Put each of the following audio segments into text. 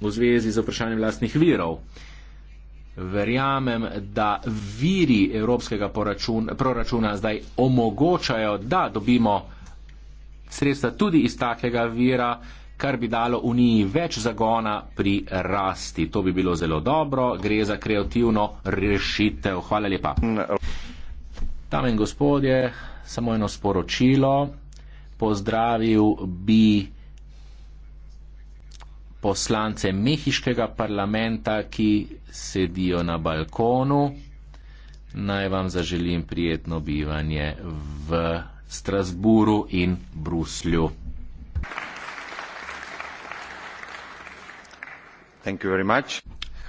v zvezi z vprašanjem vlastnih virov. Verjamem, da viri evropskega poračun, proračuna zdaj omogočajo, da dobimo sredstva tudi iz takega vira, kar bi dalo Uniji več zagona pri rasti. To bi bilo zelo dobro, gre za kreativno rešitev. Hvala lepa. Tam in gospodje, samo eno sporočilo. Pozdravil bi poslance mehiškega parlamenta, ki sedijo na balkonu. Naj vam zaželim prijetno bivanje v Strasburu in Bruslju.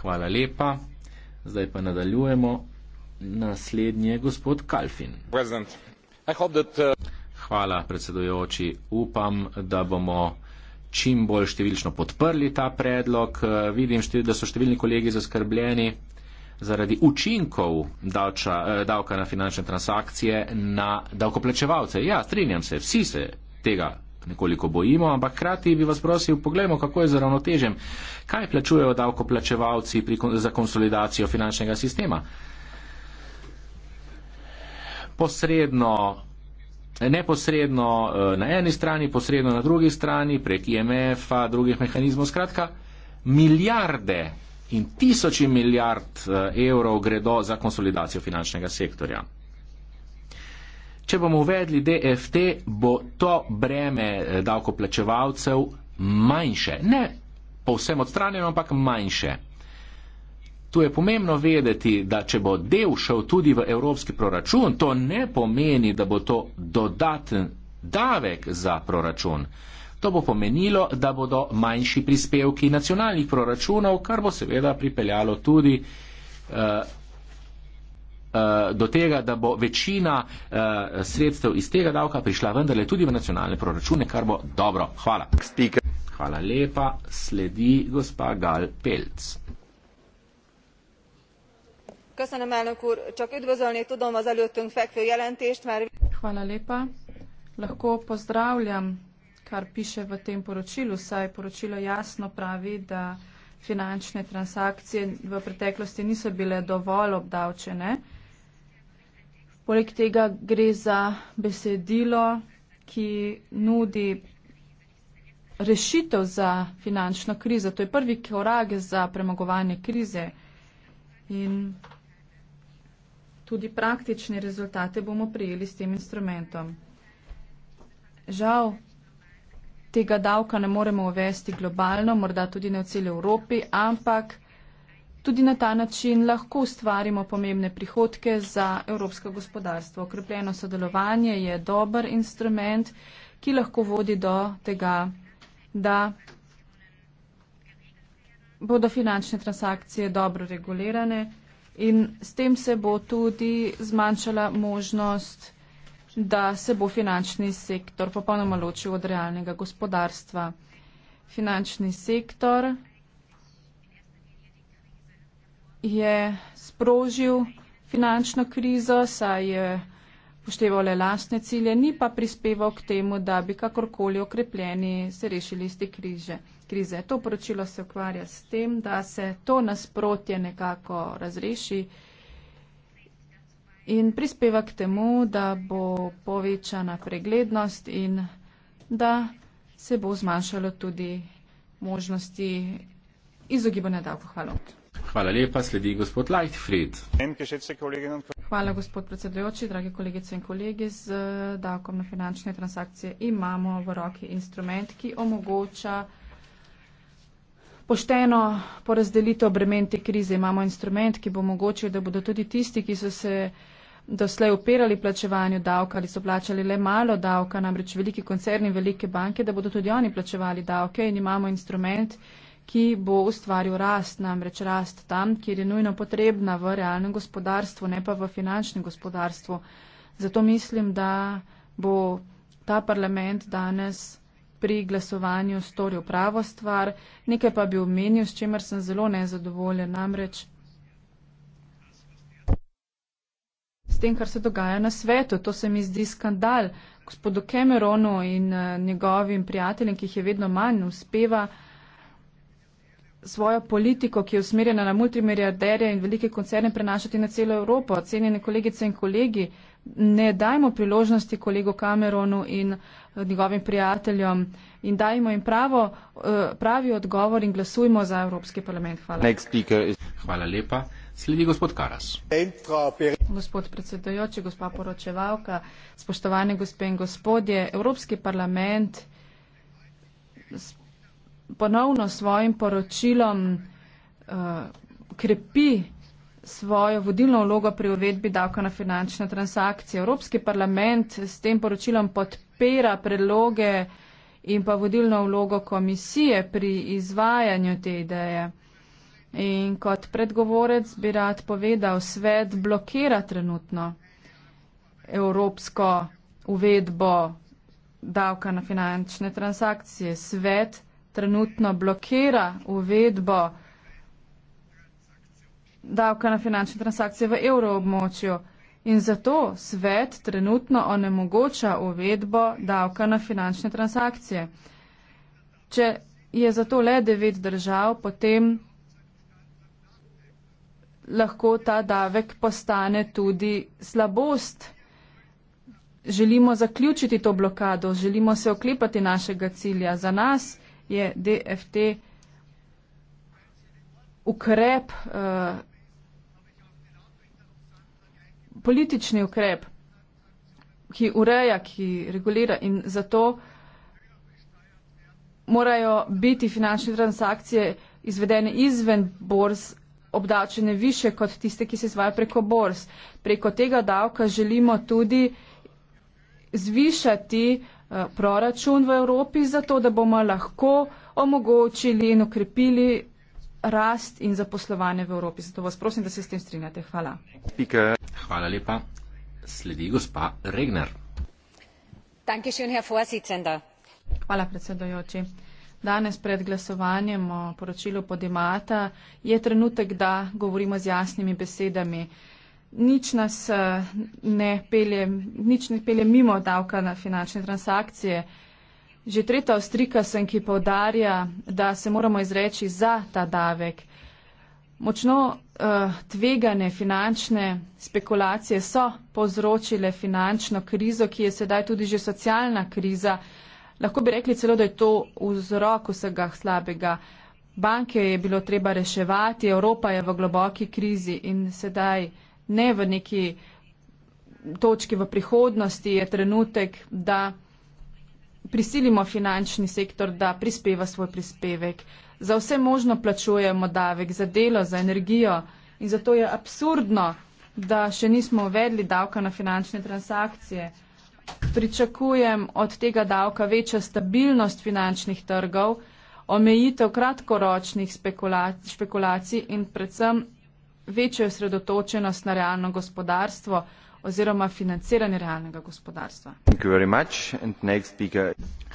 Hvala lepa. Zdaj pa nadaljujemo. Naslednji je gospod Kalfin. That, uh... Hvala, predsedujoči. Upam, da bomo čim bolj številčno podprli ta predlog. Eh, vidim, da so številni kolegi zaskrbljeni zaradi učinkov davča, eh, davka na finančne transakcije na davkoplačevalce. Ja, strinjam se, vsi se tega nekoliko bojimo, ampak hkrati bi vas prosil, pogledajmo, kako je z ravnotežjem. Kaj plačujejo davkoplačevalci pri, za konsolidacijo finančnega sistema? Posredno neposredno eh, na eni strani, posredno na drugi strani, prek IMF-a, drugih mehanizmov. Skratka, milijarde in tisoči milijard eh, evrov gredo za konsolidacijo finančnega sektorja. Če bomo uvedli DFT, bo to breme eh, davkoplačevalcev manjše. Ne povsem odstranjeno, ampak manjše. Tu je pomembno vedeti, da če bo del šel tudi v evropski proračun, to ne pomeni, da bo to dodaten davek za proračun. To bo pomenilo, da bodo manjši prispevki nacionalnih proračunov, kar bo seveda pripeljalo tudi uh, uh, do tega, da bo večina uh, sredstev iz tega davka prišla vendarle tudi v nacionalne proračune, kar bo dobro. Hvala. Hvala lepa. Sledi gospa Gal Pelc csak üdvözölni tudom az előttünk fekvő jelentést mert. Hvala lepa. Lahko pozdravljam, kar piše v tem poročilu. Saj poročilo jasno pravi, da finančne transakcije v preteklosti niso bile dovolj obdavčene. Poleg tega gre za besedilo, ki nudi rešitev za finančno krizo. To je prvi korak za premagovanje krize. In Tudi praktične rezultate bomo prijeli s tem instrumentom. Žal, tega davka ne moremo uvesti globalno, morda tudi ne v celi Evropi, ampak tudi na ta način lahko ustvarimo pomembne prihodke za evropsko gospodarstvo. Okrepljeno sodelovanje je dober instrument, ki lahko vodi do tega, da bodo finančne transakcije dobro regulirane. In s tem se bo tudi zmanjšala možnost, da se bo finančni sektor popolnoma ločil od realnega gospodarstva. Finančni sektor je sprožil finančno krizo, saj je pošteval le lastne cilje, ni pa prispeval k temu, da bi kakorkoli okrepljeni se rešili iz te krize krize. To poročilo se ukvarja s tem, da se to nasprotje nekako razreši in prispeva k temu, da bo povečana preglednost in da se bo zmanjšalo tudi možnosti izogibanja davkov. Hvala. Hvala lepa, sledi gospod Lightfried. Hvala, gospod predsedujoči, drage kolegice in kolegi. Z davkom na finančne transakcije imamo v roki instrument, ki omogoča pošteno porazdelitev bremen te krize. Imamo instrument, ki bo omogočil, da bodo tudi tisti, ki so se doslej upirali plačevanju davka ali so plačali le malo davka, namreč veliki koncerni, velike banke, da bodo tudi oni plačevali davke in imamo instrument, ki bo ustvaril rast, namreč rast tam, kjer je nujno potrebna v realnem gospodarstvu, ne pa v finančnem gospodarstvu. Zato mislim, da bo ta parlament danes pri glasovanju storil pravo stvar, nekaj pa bi omenil, s čemer sem zelo nezadovoljen namreč s tem, kar se dogaja na svetu. To se mi zdi skandal. Gospodu Cameronu in eh, njegovim prijateljem, ki jih je vedno manj, uspeva svojo politiko, ki je usmerjena na multimiliarderje in velike koncerne, prenašati na celo Evropo. Cenjene kolegice in kolegi, ne dajmo priložnosti kolegu Cameronu in eh, njegovim prijateljem in dajmo jim pravo, eh, pravi odgovor in glasujmo za Evropski parlament. Hvala. Is... Hvala lepa. Sledi gospod Karas. Gospod predsedojoči, gospa poročevalka, spoštovane gospe in gospodje, Evropski parlament ponovno s svojim poročilom uh, krepi svojo vodilno vlogo pri uvedbi davka na finančne transakcije. Evropski parlament s tem poročilom podpira predloge in pa vodilno vlogo komisije pri izvajanju te ideje. In kot predgovorec bi rad povedal, svet blokira trenutno evropsko uvedbo davka na finančne transakcije. Svet trenutno blokira uvedbo davka na finančne transakcije v evroobmočju. In zato svet trenutno onemogoča uvedbo davka na finančne transakcije. Če je zato le devet držav, potem lahko ta davek postane tudi slabost. Želimo zaključiti to blokado, želimo se oklepati našega cilja za nas je DFT ukrep, eh, politični ukrep, ki ureja, ki regulira in zato morajo biti finančne transakcije izvedene izven borz obdavčene više kot tiste, ki se izvajo preko borz. Preko tega davka želimo tudi zvišati uh, Eh, proračun v Evropi, zato da bomo lahko omogočili in okrepili rast in zaposlovanje v Evropi. Zato vas prosim, da se s tem strinjate. Hvala. Pika. Hvala lepa. Sledi gospa Regner. Hvala predsedojoči. Danes pred glasovanjem o poročilu podimata je trenutek, da govorimo z jasnimi besedami nič nas eh, ne pelje, nič ne pelje mimo davka na finančne transakcije. Že tretja ostrika sem, ki povdarja, da se moramo izreči za ta davek. Močno uh, tvegane finančne spekulacije so povzročile finančno krizo, ki je sedaj tudi že socialna kriza. Lahko bi rekli celo, da je to vzrok vsega slabega. Banke je bilo treba reševati, Evropa je v globoki krizi in sedaj uh, ne v neki točki v prihodnosti, je trenutek, da prisilimo finančni sektor, da prispeva svoj prispevek. Za vse možno plačujemo davek, za delo, za energijo in zato je absurdno, da še nismo uvedli davka na finančne transakcije. Pričakujem od tega davka večjo stabilnost finančnih trgov, omejitev kratkoročnih spekulacij in predvsem večjo osredotočenost na realno gospodarstvo oziroma financiranje realnega gospodarstva.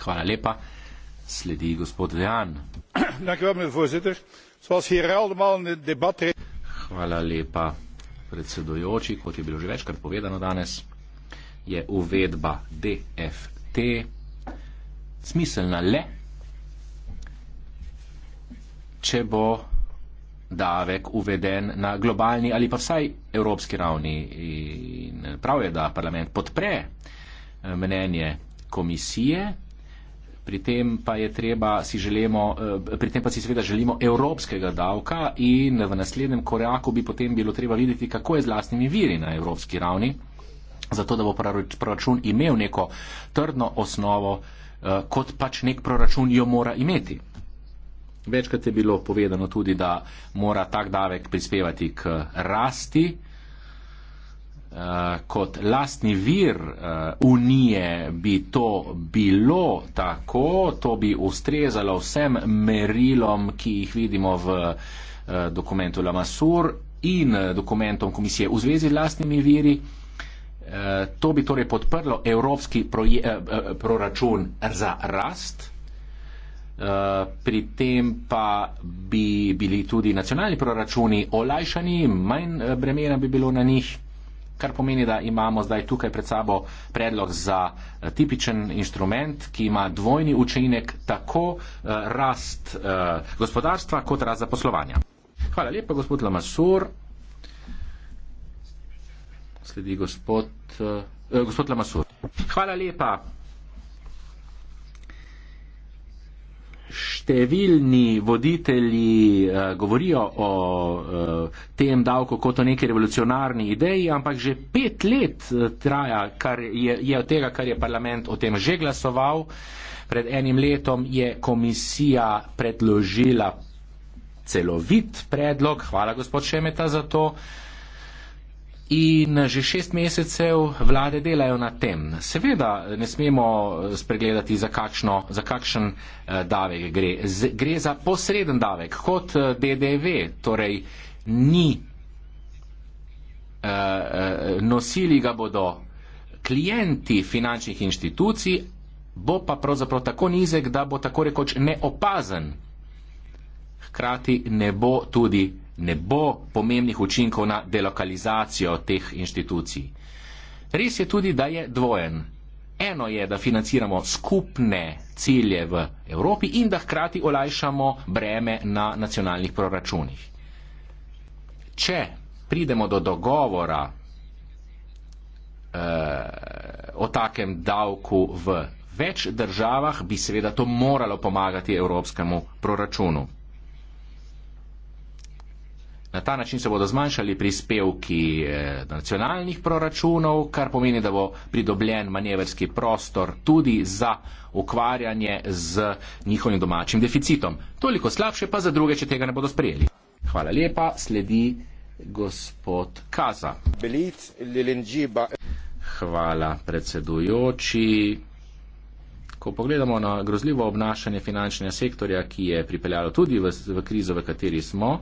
Hvala lepa. Sledi gospod Dejan. Hvala lepa, predsedojoči. Kot je bilo že večkrat povedano danes, je uvedba DFT smiselna le, če bo davek uveden na globalni ali pa vsaj evropski ravni. In prav je, da parlament podpre eh, mnenje komisije, pri tem pa, treba, si, želimo, eh, pri tem pa si seveda želimo evropskega davka in v naslednjem koraku bi potem bilo treba videti, kako je z lastnimi viri na evropski ravni, zato da bo proračun imel neko trdno osnovo, eh, kot pač nek proračun jo mora imeti. Večkrat je bilo povedano tudi, da mora tak davek prispevati k rasti. Eh, kot lastni vir eh, unije bi to bilo tako, to bi ustrezalo vsem merilom, ki jih vidimo v eh, dokumentu Lamasur in dokumentom komisije v zvezi z lastnimi viri. To bi torej podprlo evropski proje, proračun za rast. Eh, pri tem pa bi bili tudi nacionalni proračuni olajšani, manj eh, bremena bi bilo na njih, kar pomeni, da imamo zdaj tukaj pred sabo predlog za eh, tipičen inštrument, ki ima dvojni učinek tako rast gospodarstva kot rast zaposlovanja. Hvala lepa, gospod Lamasur. Sledi gospod, eh, gospod Lamasur. Hvala lepa. številni voditelji uh, govorijo o uh, tem davku kot o neki revolucionarni ideji, ampak že pet let eh, traja, kar je od tega, kar je parlament o tem že glasoval. Pred enim letom je komisija predložila celovit predlog, hvala gospod Šemeta za to, uh, In že šest mesecev vlade delajo na tem. Seveda ne smemo spregledati, za, kakšno, za kakšen eh, davek gre. Gre za posreden davek, kot eh, DDV, torej ni eh, nosili ga bodo klienti finančnih inštitucij, bo pa pravzaprav tako nizek, da bo tako rekoč neopazen. Hkrati ne bo tudi ne bo pomembnih učinkov na delokalizacijo teh inštitucij. Res je tudi, da je dvojen. Eno je, da financiramo skupne cilje v Evropi in da hkrati olajšamo breme na nacionalnih proračunih. Če pridemo do dogovora eh, o takem davku v več državah, bi seveda to moralo pomagati evropskemu proračunu. Na ta način se bodo zmanjšali prispevki eh, nacionalnih proračunov, kar pomeni, da bo pridobljen manevrski prostor tudi za ukvarjanje z njihovim domačim deficitom. Toliko slabše pa za druge, če tega ne bodo sprejeli. Hvala lepa, sledi gospod Kaza. Hvala, predsedujoči. Ko pogledamo na grozljivo obnašanje finančnega sektorja, ki je pripeljalo tudi v, v krizo, v kateri smo,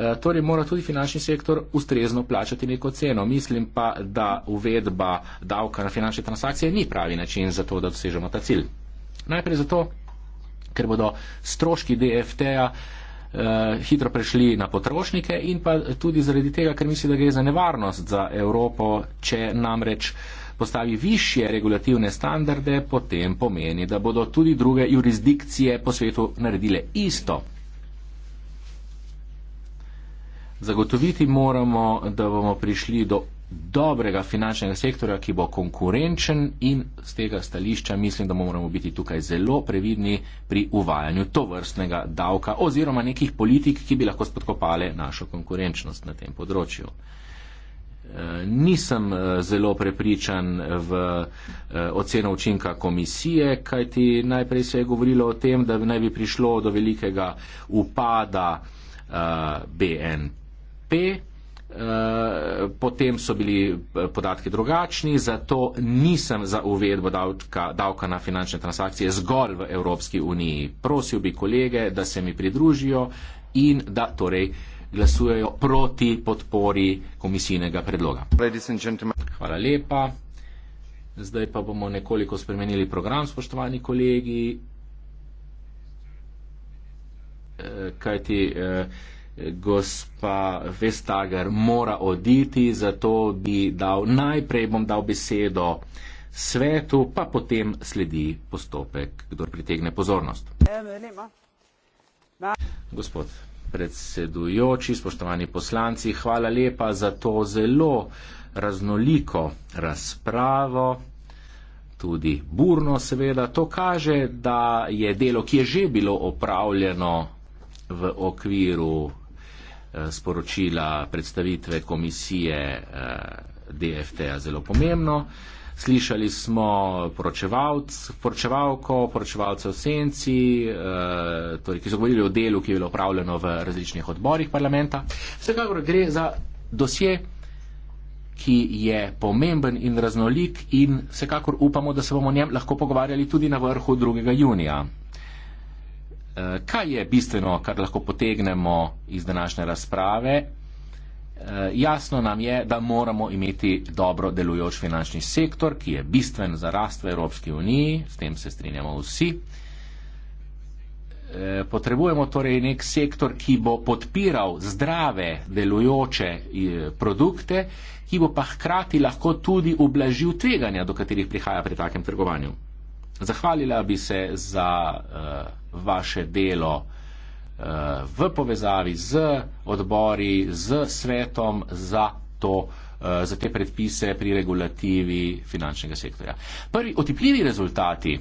Eh, torej mora tudi finančni sektor ustrezno plačati neko ceno. Mislim pa, da uvedba davka na finančne transakcije ni pravi način za to, da dosežemo ta cilj. Najprej zato, ker bodo stroški DFT-ja eh, hitro prešli na potrošnike in pa tudi zaradi tega, ker misli, da gre za nevarnost za Evropo, če namreč postavi višje regulativne standarde, potem pomeni, da bodo tudi druge jurisdikcije po svetu naredile isto. Zagotoviti moramo, da bomo prišli do dobrega finančnega sektora, ki bo konkurenčen in z tega stališča mislim, da moramo biti tukaj zelo previdni pri uvajanju to vrstnega davka oziroma nekih politik, ki bi lahko spodkopale našo konkurenčnost na tem področju. Eh, nisem eh, zelo prepričan v eh, oceno učinka komisije, kajti najprej se je govorilo o tem, da naj bi prišlo do velikega upada BNP BDP, eh, potem so bili eh, podatki drugačni, zato nisem za uvedbo davka, davka na finančne transakcije zgolj v Evropski uniji. Prosil bi kolege, da se mi pridružijo in da torej glasujejo proti podpori komisijnega predloga. Hvala lepa. Zdaj pa bomo nekoliko spremenili program, spoštovani kolegi. Eh, kajti, gospa Vestager mora oditi, zato bi dal, najprej bom dal besedo svetu, pa potem sledi postopek, kdo pritegne pozornost. Gospod predsedujoči, spoštovani poslanci, hvala lepa za to zelo raznoliko razpravo, tudi burno seveda. To kaže, da je delo, ki je že bilo opravljeno v okviru eh, sporočila predstavitve komisije eh, DFT-a zelo pomembno. Slišali smo poročevalko, poročevalce v senci, eh, torej, ki so govorili o delu, ki je bilo upravljeno v različnih odborih parlamenta. Vsekakor gre za dosje, ki je pomemben in raznolik in vsekakor upamo, da se bomo o njem lahko pogovarjali tudi na vrhu 2. junija. Eh, kaj je bistveno, kar lahko potegnemo iz današnje razprave? Eh, jasno nam je, da moramo imeti dobro delujoč finančni sektor, ki je bistven za rast v Evropski uniji, s tem se strinjamo vsi. Eh, potrebujemo torej nek sektor, ki bo podpiral zdrave, delujoče produkte, ki bo pa hkrati lahko tudi ublažil tveganja, do katerih prihaja pri takem trgovanju. Zahvalila bi se za uh, vaše delo uh, v povezavi z odbori, z svetom za, to, uh, za te predpise pri regulativi finančnega sektorja. Prvi otipljivi rezultati,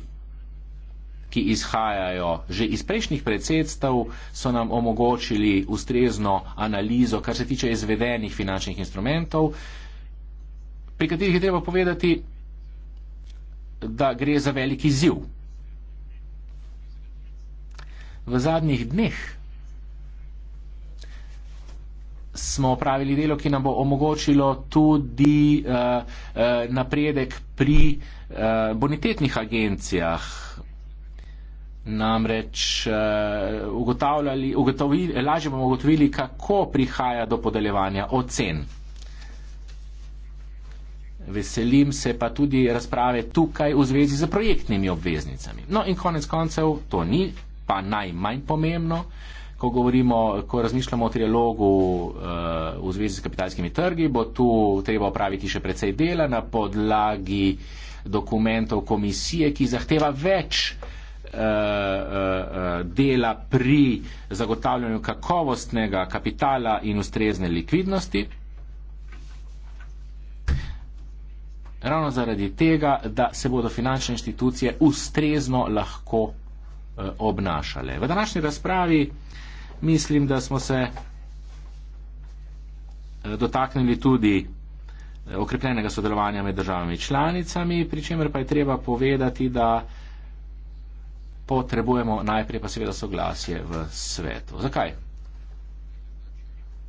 ki izhajajo že iz prejšnjih predsedstv, so nam omogočili ustrezno analizo, kar se tiče izvedenih finančnih instrumentov, pri katerih je treba povedati, da gre za veliki ziv. V zadnjih dneh smo opravili delo, ki nam bo omogočilo tudi uh, uh, napredek pri uh, bonitetnih agencijah. Namreč uh, ugotovili, lažje bomo ugotovili, kako prihaja do podeljevanja ocen veselim se pa tudi razprave tukaj v zvezi z projektnimi obveznicami. No in konec koncev, to ni pa najmanj pomembno, ko govorimo, ko razmišljamo o trialogu eh, v zvezi z kapitalskimi trgi, bo tu treba opraviti še precej dela na podlagi dokumentov komisije, ki zahteva več eh, eh, eh, dela pri zagotavljanju kakovostnega kapitala in ustrezne likvidnosti. ravno zaradi tega, da se bodo finančne inštitucije ustrezno lahko eh, obnašale. V današnji razpravi mislim, da smo se eh, dotaknili tudi eh, okrepljenega sodelovanja med državami članicami, pri čemer pa je treba povedati, da potrebujemo najprej pa seveda soglasje v svetu. Zakaj?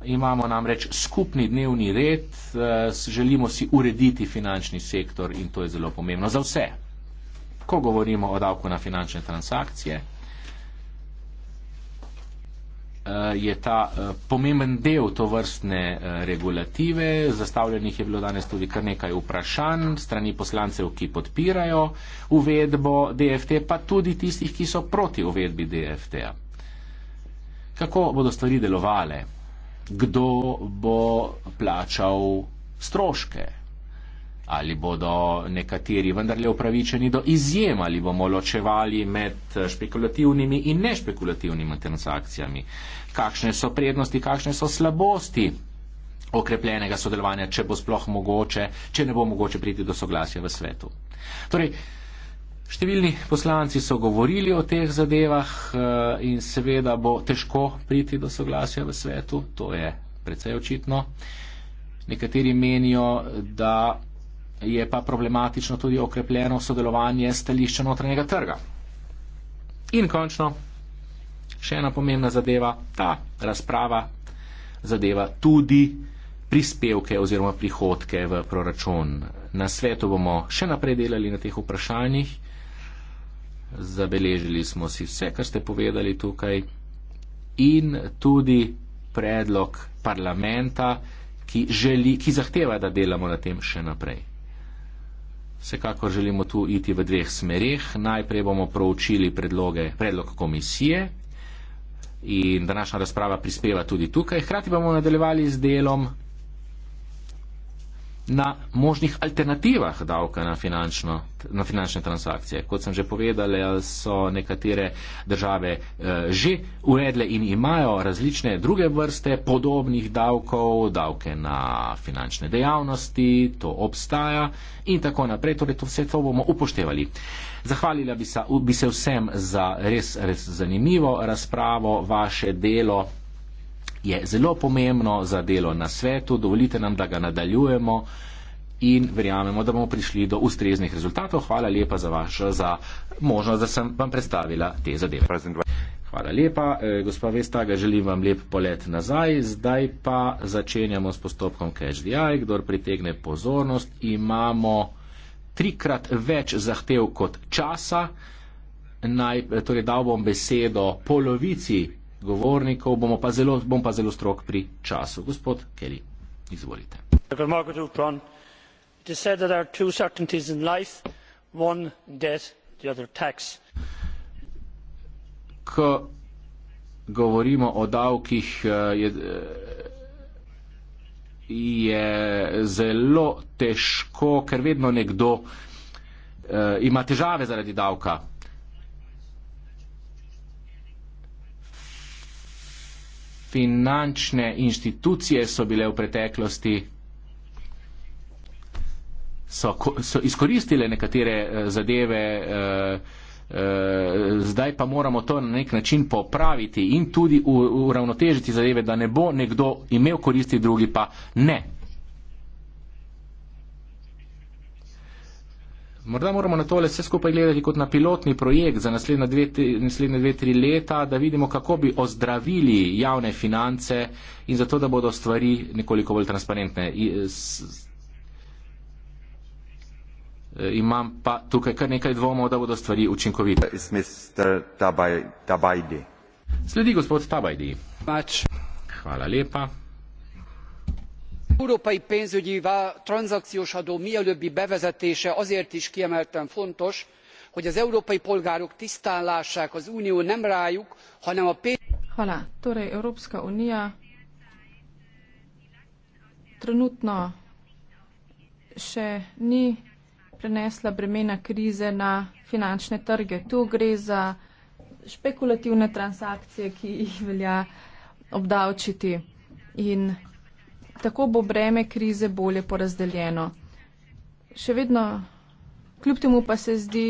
Imamo namreč skupni dnevni red, eh, želimo si urediti finančni sektor in to je zelo pomembno za vse. Ko govorimo o davku na finančne transakcije, eh, je ta eh, pomemben del to vrstne regulative. Zastavljenih je bilo danes tudi kar nekaj vprašanj strani poslancev, ki podpirajo uvedbo DFT, pa tudi tistih, ki so proti uvedbi DFT. Kako bodo stvari delovale? kdo bo plačal stroške. Ali bodo nekateri vendarle upravičeni do izjem, ali bomo ločevali med špekulativnimi in nešpekulativnimi transakcijami. Kakšne so prednosti, kakšne so slabosti okrepljenega sodelovanja, če bo sploh mogoče, če ne bo mogoče priti do soglasja v svetu. Torej, Številni poslanci so govorili o teh zadevah eh, in seveda bo težko priti do soglasja v svetu, to je precej očitno. Nekateri menijo, da je pa problematično tudi okrepljeno sodelovanje stališča notranjega trga. In končno, še ena pomembna zadeva, ta razprava zadeva tudi prispevke oziroma prihodke v proračun. Na svetu bomo še naprej delali na teh vprašanjih zabeležili smo si vse, kar ste povedali tukaj, in tudi predlog parlamenta, ki, želi, ki zahteva, da delamo na tem še naprej. Vsekakor želimo tu iti v dveh smerih. Najprej bomo proučili predloge, predlog komisije in današnja razprava prispeva tudi tukaj. Hkrati bomo nadaljevali z delom na možnih alternativah davka na, finančno, na finančne transakcije. Kot sem že povedal, so nekatere države eh, že uvedle in imajo različne druge vrste podobnih davkov, davke na finančne dejavnosti, to obstaja in tako naprej. Torej, to vse to bomo upoštevali. Zahvalila bi se, bi se vsem za res, res zanimivo razpravo, vaše delo je zelo pomembno za delo na svetu, dovolite nam, da ga nadaljujemo in verjamemo, da bomo prišli do ustreznih rezultatov. Hvala lepa za vašo za možnost, da sem vam predstavila te zadeve. Hvala lepa, e, gospa Vestaga, želim vam lep polet nazaj. Zdaj pa začenjamo s postopkom CashDI, kdor pritegne pozornost. Imamo trikrat več zahtev kot časa. Naj, torej dal bom besedo polovici govornikov, bom pa zelo, bom pa zelo strok pri času. Gospod Kelly, izvolite. Ko govorimo o davkih, eh, je, je zelo težko, ker vedno nekdo uh, ima težave zaradi davka. finančne inštitucije so bile v preteklosti so, so izkoristile nekatere eh, zadeve, eh, eh, zdaj pa moramo to na nek način popraviti in tudi uravnotežiti zadeve, da ne bo nekdo imel koristi, drugi pa ne. Morda moramo na tole vse skupaj gledati kot na pilotni projekt za naslednje dve, tri, naslednje dve, tri leta, da vidimo, kako bi ozdravili javne finance in zato, da bodo stvari nekoliko bolj transparentne. E, imam pa tukaj kar nekaj dvomov, da bodo stvari učinkovite. Sledi gospod Tabajdi. Pač. Hvala lepa európai pénzügyi tranzakciós adó mielőbbi bevezetése azért is kiemelten fontos hogy az európai polgárok tisztán lássák az unió nem rájuk hanem a pénz. Hvala. Torej, Evropska unija trenutno še ni prenesla bremena krize na finančne trge. Tu gre za špekulativne transakcije, ki jih velja obdavčiti. In Tako bo breme krize bolje porazdeljeno. Še vedno, kljub temu pa se zdi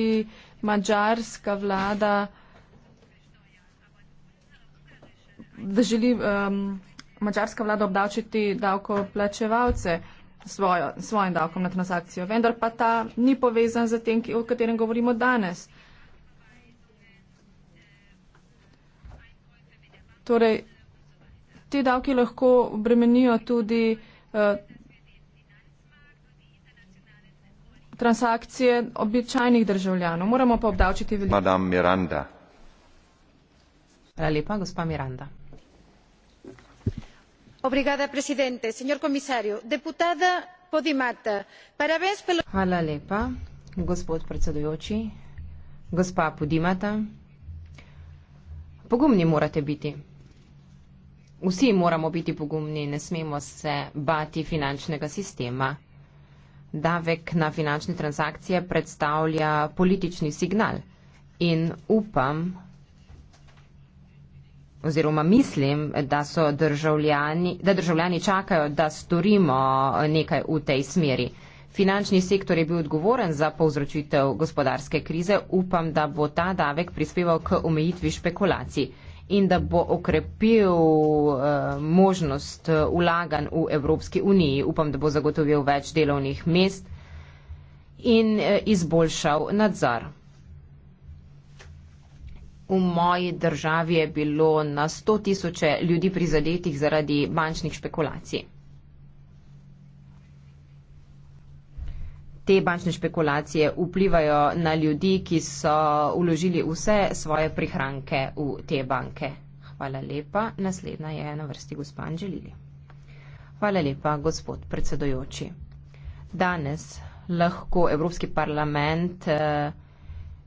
mađarska vlada, da želi um, mađarska vlada obdavčiti davkoplačevalce svojo, svojim davkom na transakcijo. Vendar pa ta ni povezan z tem, o katerem govorimo danes. Torej, ti davki lahko bremenijo tudi eh, transakcije običajnih državljanov. Moramo pa obdavčiti veliko. Madam Miranda. Hvala lepa, gospa Miranda. Obrigada, presidente. Senor komisarju, deputada Podimata, parabens pelo... Hvala lepa, gospod predsedujoči. Gospa Podimata, pogumni morate biti vsi moramo biti pogumni, ne smemo se bati finančnega sistema. Davek na finančne transakcije predstavlja politični signal in upam, oziroma mislim, da so državljani, da državljani čakajo, da storimo nekaj v tej smeri. Finančni sektor je bil odgovoren za povzročitev gospodarske krize. Upam, da bo ta davek prispeval k omejitvi špekulacij in da bo okrepil eh, možnost ulagan eh, v Evropski uniji. Upam, da bo zagotovil več delovnih mest in eh, izboljšal nadzor. V moji državi je bilo na 100 tisoče ljudi prizadetih zaradi bančnih špekulacij. te bančne špekulacije vplivajo na ljudi, ki so uložili vse svoje prihranke v te banke. Hvala lepa. Naslednja je na vrsti gospod Anželili. Hvala lepa, gospod predsedojoči. Danes lahko Evropski parlament eh,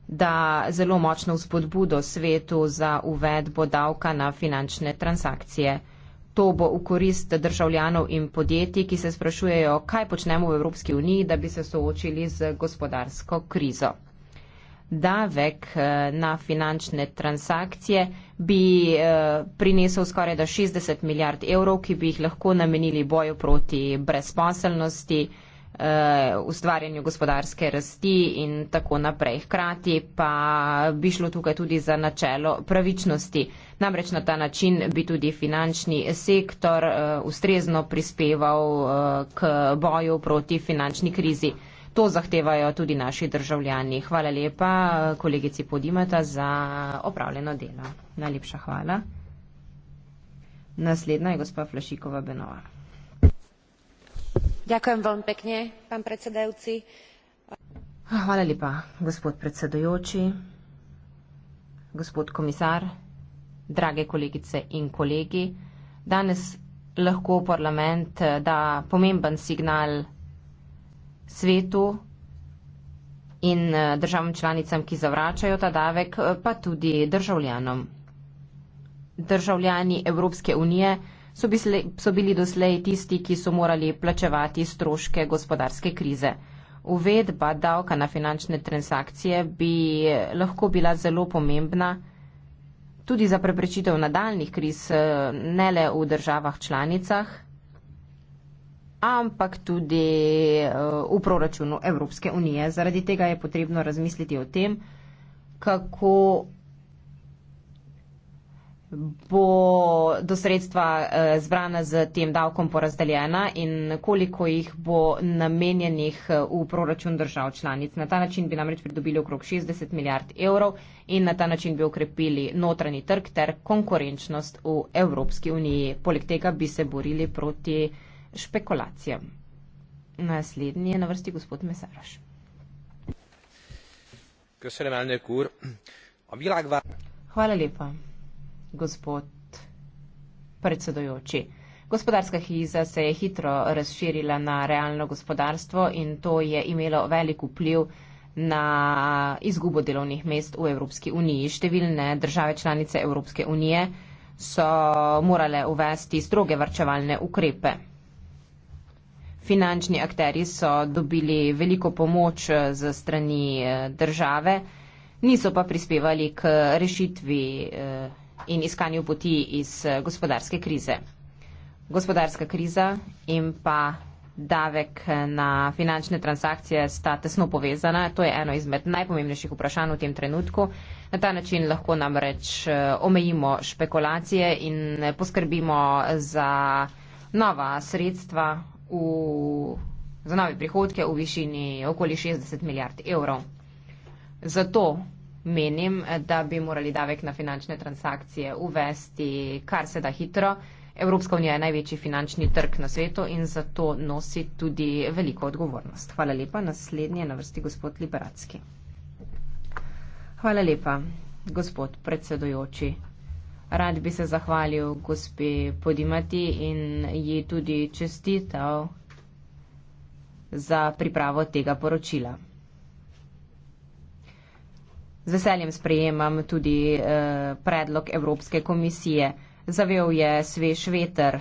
da zelo močno vzpodbudo svetu za uvedbo davka na finančne transakcije to bo v korist državljanov in podjetij, ki se sprašujejo, kaj počnemo v Evropski uniji, da bi se soočili z gospodarsko krizo. Davek eh, na finančne transakcije bi eh, prinesel skoraj da 60 milijard evrov, ki bi jih lahko namenili boju proti brezposelnosti, Eh, ustvarjanju gospodarske rasti in tako naprej. Hkrati pa bi šlo tukaj tudi za načelo pravičnosti. Namreč na ta način bi tudi finančni sektor eh, ustrezno prispeval eh, k boju proti finančni krizi. To zahtevajo tudi naši državljani. Hvala lepa kolegici Podimata za opravljeno delo. Najlepša hvala. Naslednja je gospa Flašikova Benova. Hvala lepa, gospod predsedujoči, gospod komisar, drage kolegice in kolegi. Danes lahko parlament eh, da pomemben signal svetu in eh, državam članicam, ki zavračajo ta davek, eh, pa tudi državljanom. Državljani Evropske unije so, bisle, so bili doslej tisti, ki so morali plačevati stroške gospodarske krize. Uvedba davka na finančne transakcije bi lahko bila zelo pomembna tudi za preprečitev nadaljnih kriz, ne le v državah članicah, ampak tudi v proračunu Evropske unije. Zaradi tega je potrebno razmisliti o tem, kako bo do sredstva eh, zbrana z tem davkom porazdeljena in koliko jih bo namenjenih eh, v proračun držav članic. Na ta način bi namreč pridobili okrog 60 milijard evrov in na ta način bi okrepili notranji trg ter konkurenčnost v Evropski uniji. Poleg tega bi se borili proti špekulacijam. Naslednji je na vrsti gospod Mesaraš. Köszönöm, elnök úr! A világvá... Hvala lepa gospod predsedojoči. Gospodarska kriza se je hitro razširila na realno gospodarstvo in to je imelo velik vpliv na izgubo delovnih mest v Evropski uniji. Številne države članice Evropske unije so morale uvesti stroge varčevalne ukrepe. Finančni akteri so dobili veliko pomoč eh, z strani eh, države, niso pa prispevali k rešitvi eh, in iskanju poti iz eh, gospodarske krize. Gospodarska kriza in pa davek eh, na finančne transakcije sta tesno povezana. To je eno izmed najpomembnejših vprašanj v tem trenutku. Na ta način lahko namreč eh, omejimo špekulacije in poskrbimo za nova sredstva, v, za nove prihodke v višini okoli 60 milijard evrov. Zato menim, da bi morali davek na finančne transakcije uvesti kar se da hitro. Evropska unija je največji finančni trg na svetu in zato nosi tudi veliko odgovornost. Hvala lepa. Naslednji je na vrsti gospod Liberacki. Hvala lepa, gospod predsedujoči. Rad bi se zahvalil gospe Podimati in ji tudi čestital za pripravo tega poročila. Z veseljem sprejemam tudi eh, predlog Evropske komisije. Zavel je svež veter,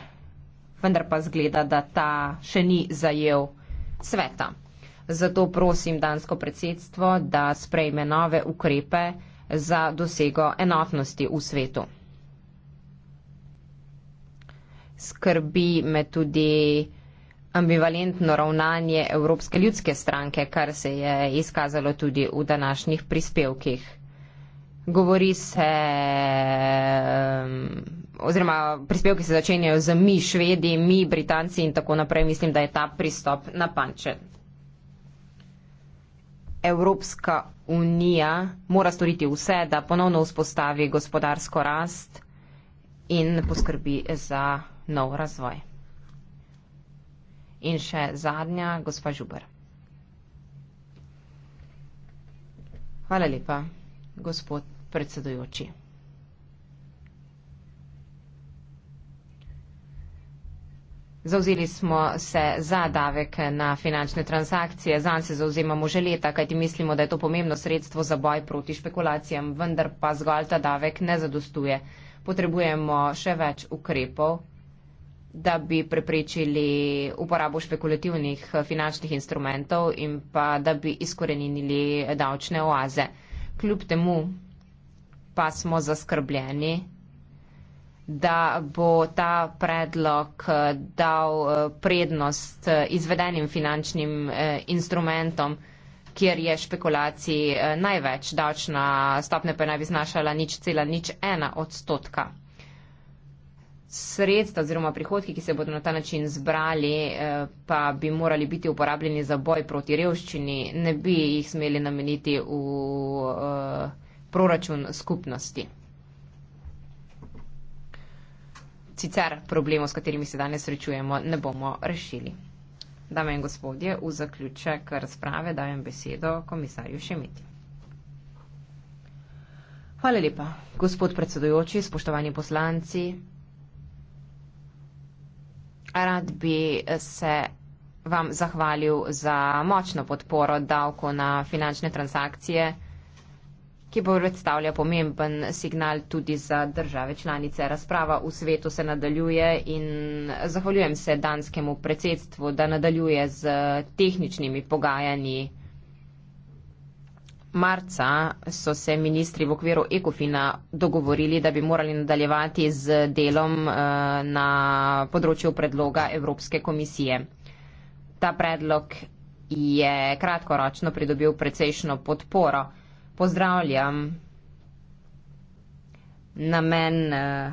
vendar pa zgleda, da ta še ni zajel sveta. Zato prosim dansko predsedstvo, da sprejme nove ukrepe za dosego enotnosti v svetu. Skrbi me tudi ambivalentno ravnanje Evropske ljudske stranke, kar se je izkazalo tudi v današnjih prispevkih. Govori se, oziroma prispevki se začenjajo z mi, Švedi, mi, Britanci in tako naprej. Mislim, da je ta pristop napančen. Evropska unija mora storiti vse, da ponovno vzpostavi gospodarsko rast in poskrbi za nov razvoj. In še zadnja, gospa Žuber. Hvala lepa, gospod predsedujoči. Zauzeli smo se za davek na finančne transakcije, zanj se zauzemamo že leta, kajti mislimo, da je to pomembno sredstvo za boj proti špekulacijam, vendar pa zgolj ta davek ne zadostuje. Potrebujemo še več ukrepov, da bi preprečili uporabo špekulativnih eh, finančnih instrumentov in pa da bi izkoreninili davčne oaze. Kljub temu pa smo zaskrbljeni, da bo ta predlog eh, dal eh, prednost izvedenim finančnim instrumentom, kjer je špekulacij največ, davčna stopnja pa naj bi znašala nič cela nič ena odstotka sredstva oziroma prihodki, ki se bodo na ta način zbrali, eh, pa bi morali biti uporabljeni za boj proti revščini, ne bi jih smeli nameniti v eh, proračun skupnosti. Sicer problemov, s katerimi se danes srečujemo, ne bomo rešili. Dame in gospodje, v zaključek razprave dajem besedo komisarju Šemeti. Hvala lepa, gospod predsedujoči, spoštovani poslanci, Rad bi eh, se vam zahvalil za močno podporo davko na finančne transakcije, ki bo predstavlja pomemben signal tudi za države članice. Razprava v svetu se nadaljuje in zahvaljujem se danskemu predsedstvu, da nadaljuje z tehničnimi pogajanji. Marca so se ministri v okviru Ekofina dogovorili, da bi morali nadaljevati z delom eh, na področju predloga Evropske komisije. Ta predlog je kratkoročno pridobil precejšno podporo. Pozdravljam namen eh,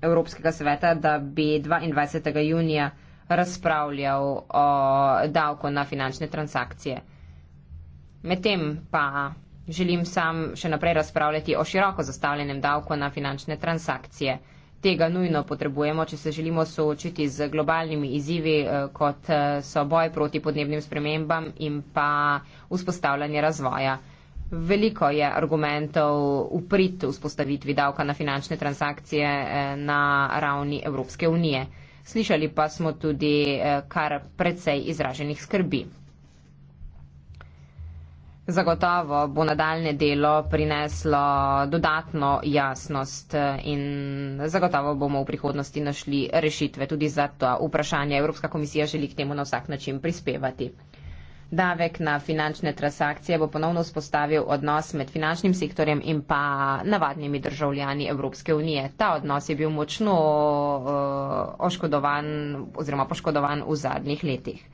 Evropskega sveta, da bi 22. junija razpravljal o davku na finančne transakcije. Medtem pa želim sam še naprej razpravljati o široko zastavljenem davku na finančne transakcije. Tega nujno potrebujemo, če se želimo soočiti z globalnimi izzivi, eh, kot eh, so boj proti podnebnim spremembam in pa vzpostavljanje razvoja. Veliko je argumentov uprit vzpostavitvi davka na finančne transakcije eh, na ravni Evropske unije. Slišali pa smo tudi kar precej izraženih skrbi. Zagotovo bo nadaljne delo prineslo dodatno jasnost in zagotovo bomo v prihodnosti našli rešitve tudi za to vprašanje. Evropska komisija želi k temu na vsak način prispevati. Davek na finančne transakcije bo ponovno vzpostavil odnos med finančnim sektorjem in pa navadnimi državljani Evropske unije. Ta odnos je bil močno uh, oškodovan oziroma poškodovan v zadnjih letih.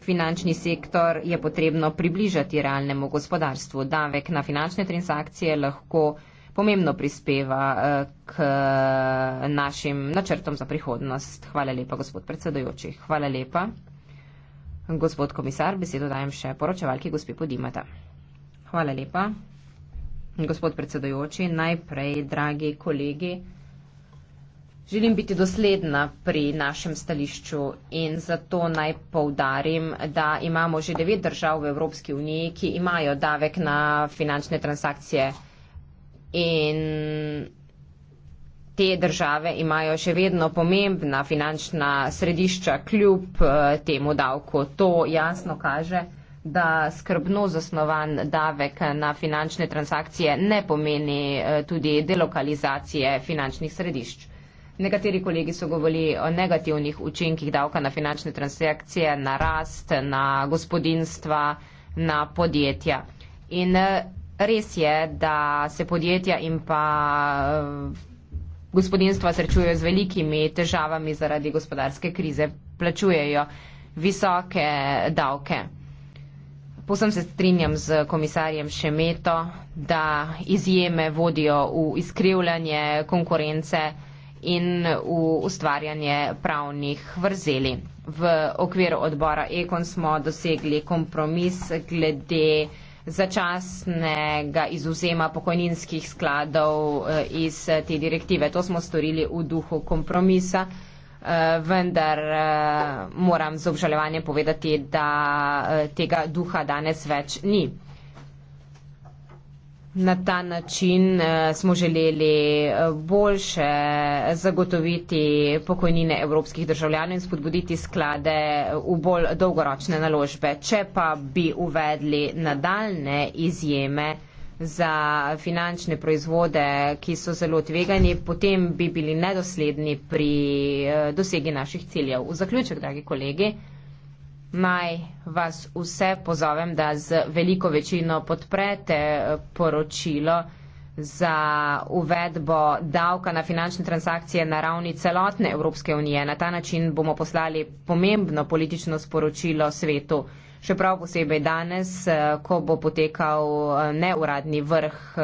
Finančni sektor je potrebno približati realnemu gospodarstvu. Davek na finančne transakcije lahko pomembno prispeva eh, k našim načrtom za prihodnost. Hvala lepa, gospod predsedojoči. Hvala lepa. Gospod komisar, besedo dajem še poročevalki, gospe Podimata. Hvala lepa. Gospod predsedojoči, najprej, dragi kolegi. Želim biti dosledna pri našem stališču in zato naj povdarim, da imamo že devet držav v Evropski uniji, ki imajo davek na finančne transakcije in te države imajo še vedno pomembna finančna središča kljub eh, temu davku. To jasno kaže, da skrbno zasnovan davek na finančne transakcije ne pomeni eh, tudi delokalizacije finančnih središč. Nekateri kolegi so govorili o negativnih učinkih davka na finančne transakcije, na rast, na gospodinstva, na podjetja. In eh, res je, da se podjetja in pa eh, gospodinstva srečujejo z velikimi težavami zaradi gospodarske krize, plačujejo visoke davke. Posem se strinjam z komisarjem Šemeto, da izjeme vodijo v izkrivljanje konkurence in v ustvarjanje pravnih vrzeli. V okviru odbora Ekon smo dosegli kompromis glede začasnega izuzema pokojninskih skladov eh, iz eh, te direktive. To smo storili v duhu kompromisa, eh, vendar moram z obžalovanjem povedati, da tega duha danes več ni. Na ta način eh, smo želeli eh, boljše zagotoviti pokojnine evropskih državljanov in spodbuditi sklade eh, v bolj dolgoročne naložbe. Če pa bi uvedli nadaljne izjeme za finančne proizvode, ki so zelo tvegani, potem bi bili nedosledni pri dosegi naših ciljev. V zaključek, dragi kolegi naj vas vse pozovem, da z veliko večino podprete eh, poročilo za uvedbo davka na finančne transakcije na ravni celotne Evropske unije. Na ta način bomo poslali pomembno politično sporočilo svetu. Še prav posebej danes, eh, ko bo potekal eh, neuradni vrh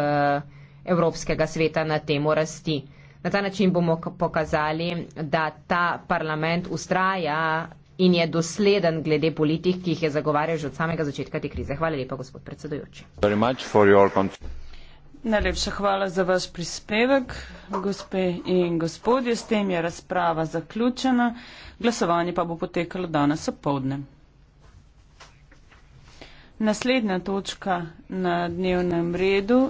Evropskega sveta na temo rasti. Na ta način bomo pokazali, da ta parlament ustraja in je dosleden glede politik, ki jih je zagovarjal že od samega začetka te krize. Hvala lepa, gospod predsedujoči. Najlepša hvala za vaš prispevek, gospe in gospodje. S tem je razprava zaključena. Glasovanje pa bo potekalo danes opovdne. Naslednja točka na dnevnem redu.